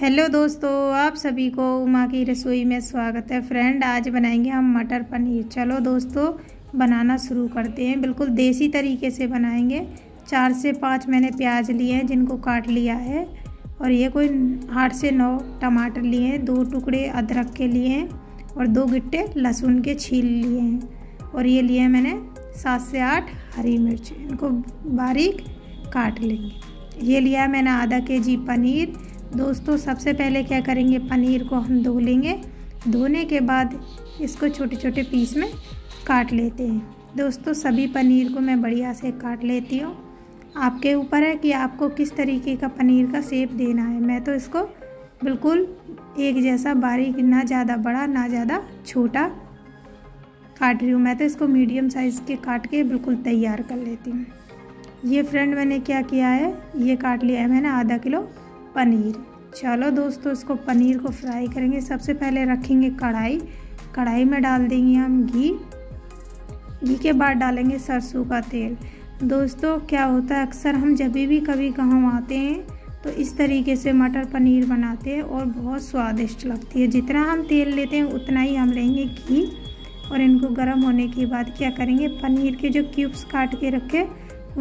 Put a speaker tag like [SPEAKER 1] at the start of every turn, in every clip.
[SPEAKER 1] hello दोस्तों आप सभी को उमा की रसोई में स्वागत है फ्रेंड आज बनाएंगे हम मटर पनीर चलो दोस्तों बनाना शुरू करते हैं बिल्कुल देसी तरीके से बनाएंगे चार से पाँच मैंने प्याज लिए हैं जिनको काट लिया है और ये कोई आठ से नौ टमाटर लिए हैं दो टुकड़े अदरक के लिए हैं और दो गिट्टे लहसुन के छील लिए हैं और ये लिए मैंने सात से आठ हरी मिर्च इनको बारीक काट लेंगे ये लिया मैंने आधा के जी पनीर दोस्तों सबसे पहले क्या करेंगे पनीर को हम धो लेंगे धोने के बाद इसको छोटे छोटे पीस में काट लेते हैं दोस्तों सभी पनीर को मैं बढ़िया से काट लेती हूँ आपके ऊपर है कि आपको किस तरीके का पनीर का सेप देना है मैं तो इसको बिल्कुल एक जैसा बारीक ना ज़्यादा बड़ा ना ज़्यादा छोटा काट रही हूँ मैं तो इसको मीडियम साइज़ के काट के बिल्कुल तैयार कर लेती हूँ ये फ्रेंड मैंने क्या किया है ये काट लिया है मैंने आधा किलो पनीर चलो दोस्तों इसको पनीर को फ्राई करेंगे सबसे पहले रखेंगे कढ़ाई कढ़ाई में डाल देंगे हम घी घी के बाद डालेंगे सरसों का तेल दोस्तों क्या होता है अक्सर हम जब भी कभी गाँव आते हैं तो इस तरीके से मटर पनीर बनाते हैं और बहुत स्वादिष्ट लगती है जितना हम तेल लेते हैं उतना ही हम लेंगे घी और इनको गर्म होने के बाद क्या करेंगे पनीर के जो क्यूब्स काट के रखे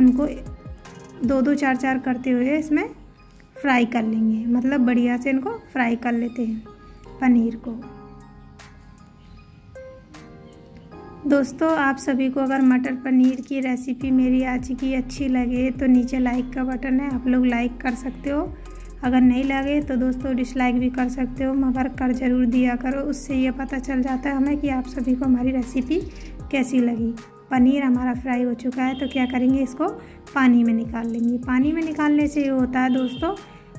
[SPEAKER 1] उनको दो दो चार चार करते हुए इसमें फ्राई कर लेंगे मतलब बढ़िया से इनको फ्राई कर लेते हैं पनीर को दोस्तों आप सभी को अगर मटर पनीर की रेसिपी मेरी आज की अच्छी लगे तो नीचे लाइक का बटन है आप लोग लाइक कर सकते हो अगर नहीं लगे तो दोस्तों डिसलाइक भी कर सकते हो मगर कर ज़रूर दिया करो उससे ये पता चल जाता है हमें कि आप सभी को हमारी रेसिपी कैसी लगी पनीर हमारा फ्राई हो चुका है तो क्या करेंगे इसको पानी में निकाल लेंगे पानी में निकालने से ये होता है दोस्तों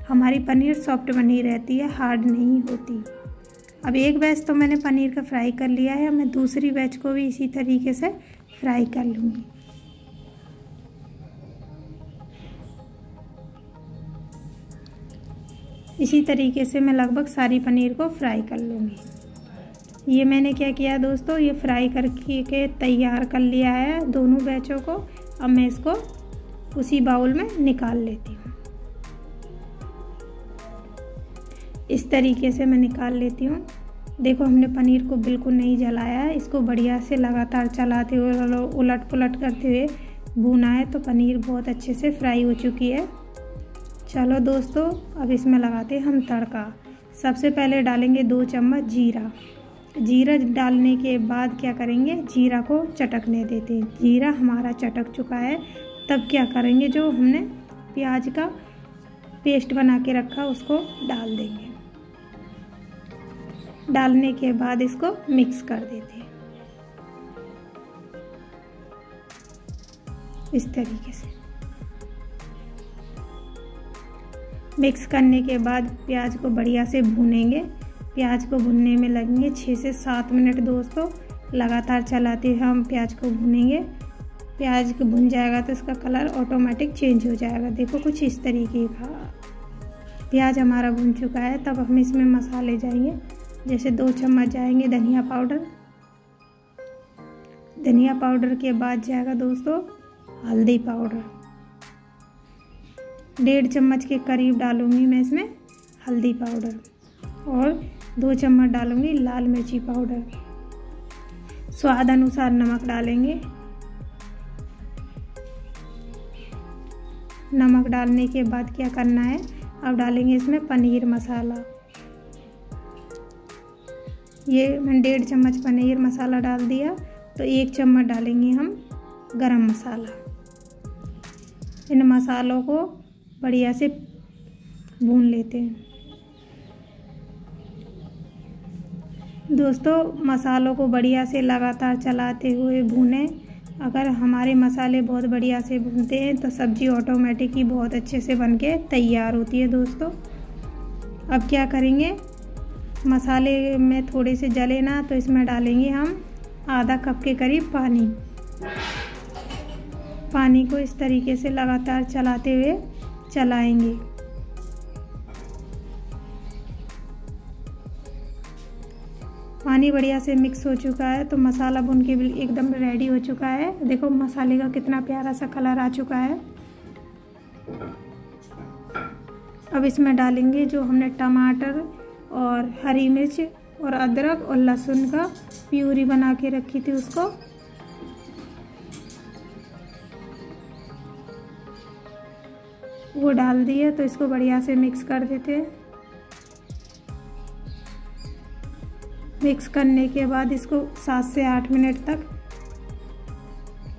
[SPEAKER 1] हमारी पनीर सॉफ्ट बनी रहती है हार्ड नहीं होती अब एक बैच तो मैंने पनीर का फ्राई कर लिया है मैं दूसरी बैच को भी इसी तरीके से फ्राई कर लूँगी इसी तरीके से मैं लगभग सारी पनीर को फ्राई कर लूँगी ये मैंने क्या किया दोस्तों ये फ्राई करके के तैयार कर लिया है दोनों बैचों को अब मैं इसको उसी बाउल में निकाल लेती हूँ इस तरीके से मैं निकाल लेती हूँ देखो हमने पनीर को बिल्कुल नहीं जलाया है इसको बढ़िया से लगातार चलाते हुए उलट पुलट करते हुए भुना है तो पनीर बहुत अच्छे से फ्राई हो चुकी है चलो दोस्तों अब इसमें लगाते हम तड़का सबसे पहले डालेंगे दो चम्मच जीरा जीरा डालने के बाद क्या करेंगे जीरा को चटकने देते हैं जीरा हमारा चटक चुका है तब क्या करेंगे जो हमने प्याज का पेस्ट बना के रखा उसको डाल देंगे डालने के बाद इसको मिक्स कर देते हैं इस तरीके से मिक्स करने के बाद प्याज को बढ़िया से भूनेंगे प्याज को भूनने में लगेंगे छः से सात मिनट दोस्तों लगातार चलाते हुए हम प्याज को भूनेंगे प्याज भुन जाएगा तो इसका कलर ऑटोमेटिक चेंज हो जाएगा देखो कुछ इस तरीके का प्याज हमारा भुन चुका है तब हम इसमें मसाले जाएंगे जैसे दो चम्मच जाएंगे धनिया पाउडर धनिया पाउडर के बाद जाएगा दोस्तों हल्दी पाउडर डेढ़ चम्मच के करीब डालूंगी मैं इसमें हल्दी पाउडर और दो चम्मच डालूंगी लाल मिर्ची पाउडर स्वाद अनुसार नमक डालेंगे नमक डालने के बाद क्या करना है अब डालेंगे इसमें पनीर मसाला ये मैंने डेढ़ चम्मच पनीर मसाला डाल दिया तो एक चम्मच डालेंगे हम गरम मसाला इन मसालों को बढ़िया से भून लेते हैं दोस्तों मसालों को बढ़िया से लगातार चलाते हुए भूनें अगर हमारे मसाले बहुत बढ़िया से भूनते हैं तो सब्ज़ी ऑटोमेटिक ही बहुत अच्छे से बन के तैयार होती है दोस्तों अब क्या करेंगे मसाले में थोड़े से जले ना तो इसमें डालेंगे हम आधा कप के करीब पानी पानी को इस तरीके से लगातार चलाते हुए चलाएंगे पानी बढ़िया से मिक्स हो चुका है तो मसाला भुन के एकदम रेडी हो चुका है देखो मसाले का कितना प्यारा सा कलर आ चुका है अब इसमें डालेंगे जो हमने टमाटर और हरी मिर्च और अदरक और लहसुन का प्यूरी बना के रखी थी उसको वो डाल दिए तो इसको बढ़िया से मिक्स कर देते हैं मिक्स करने के बाद इसको सात से आठ मिनट तक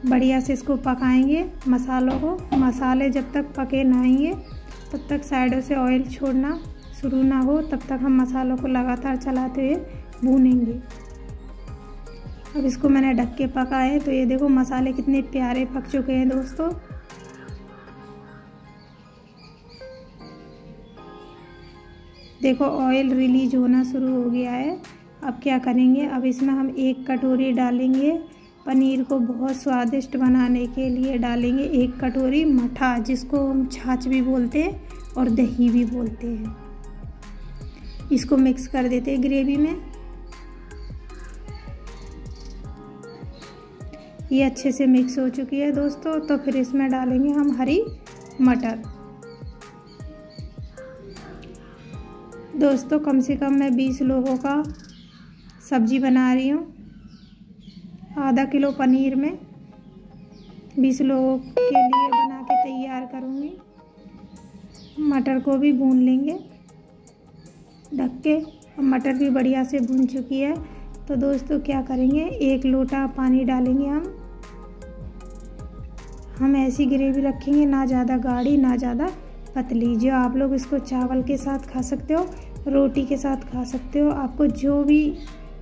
[SPEAKER 1] बढ़िया से इसको पकाएंगे मसालों को मसाले जब तक पके ना आएंगे तब तक साइडों से ऑयल छोड़ना शुरू ना हो तब तक हम मसालों को लगातार चलाते हुए भूनेंगे अब इसको मैंने ढक के पकाए तो ये देखो मसाले कितने प्यारे पक चुके हैं दोस्तों देखो ऑयल रिलीज होना शुरू हो गया है अब क्या करेंगे अब इसमें हम एक कटोरी डालेंगे पनीर को बहुत स्वादिष्ट बनाने के लिए डालेंगे एक कटोरी मठा जिसको हम छाछ भी बोलते हैं और दही भी बोलते हैं इसको मिक्स कर देते हैं ग्रेवी में ये अच्छे से मिक्स हो चुकी है दोस्तों तो फिर इसमें डालेंगे हम हरी मटर दोस्तों कम से कम मैं 20 लोगों का सब्जी बना रही हूँ आधा किलो पनीर में बीस लोगों के लिए बना के तैयार करूँगी मटर को भी भून लेंगे ढक के मटर भी बढ़िया से भून चुकी है तो दोस्तों क्या करेंगे एक लोटा पानी डालेंगे हम हम ऐसी ग्रेवी रखेंगे ना ज़्यादा गाढ़ी ना ज़्यादा पतली जो आप लोग इसको चावल के साथ खा सकते हो रोटी के साथ खा सकते हो आपको जो भी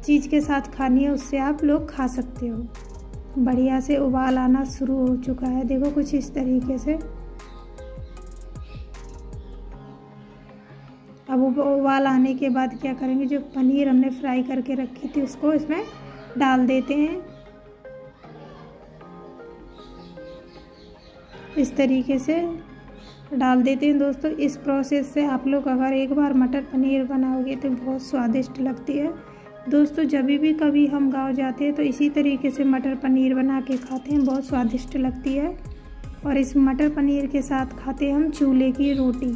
[SPEAKER 1] चीज़ के साथ खानी है उससे आप लोग खा सकते हो बढ़िया से उबाल आना शुरू हो चुका है देखो कुछ इस तरीके से अब उबाल आने के बाद क्या करेंगे जो पनीर हमने फ्राई करके रखी थी उसको इसमें डाल देते हैं इस तरीके से डाल देते हैं दोस्तों इस प्रोसेस से आप लोग अगर एक बार मटर पनीर बनाओगे तो बहुत स्वादिष्ट लगती है दोस्तों जब भी कभी हम गांव जाते हैं तो इसी तरीके से मटर पनीर बना के खाते हैं बहुत स्वादिष्ट लगती है और इस मटर पनीर के साथ खाते हम चूल्हे की रोटी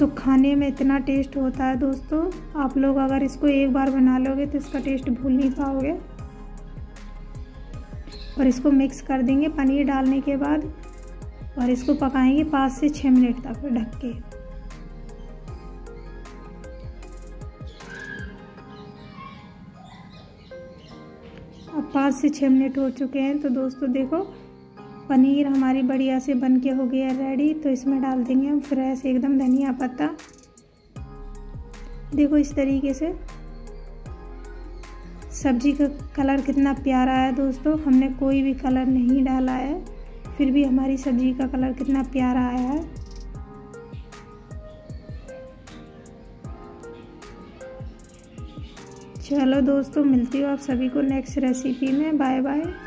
[SPEAKER 1] तो खाने में इतना टेस्ट होता है दोस्तों आप लोग अगर इसको एक बार बना लोगे तो इसका टेस्ट भूल नहीं पाओगे और इसको मिक्स कर देंगे पनीर डालने के बाद और इसको पकाएंगे पाँच से छः मिनट तक ढक के पाँच से छः मिनट हो चुके हैं तो दोस्तों देखो पनीर हमारी बढ़िया से बन के हो गया रेडी तो इसमें डाल देंगे हम फ्रेश एकदम धनिया पत्ता देखो इस तरीके से सब्जी का कलर कितना प्यारा है दोस्तों हमने कोई भी कलर नहीं डाला है फिर भी हमारी सब्जी का कलर कितना प्यारा आया है चलो दोस्तों मिलती हूँ आप सभी को नेक्स्ट रेसिपी में बाय बाय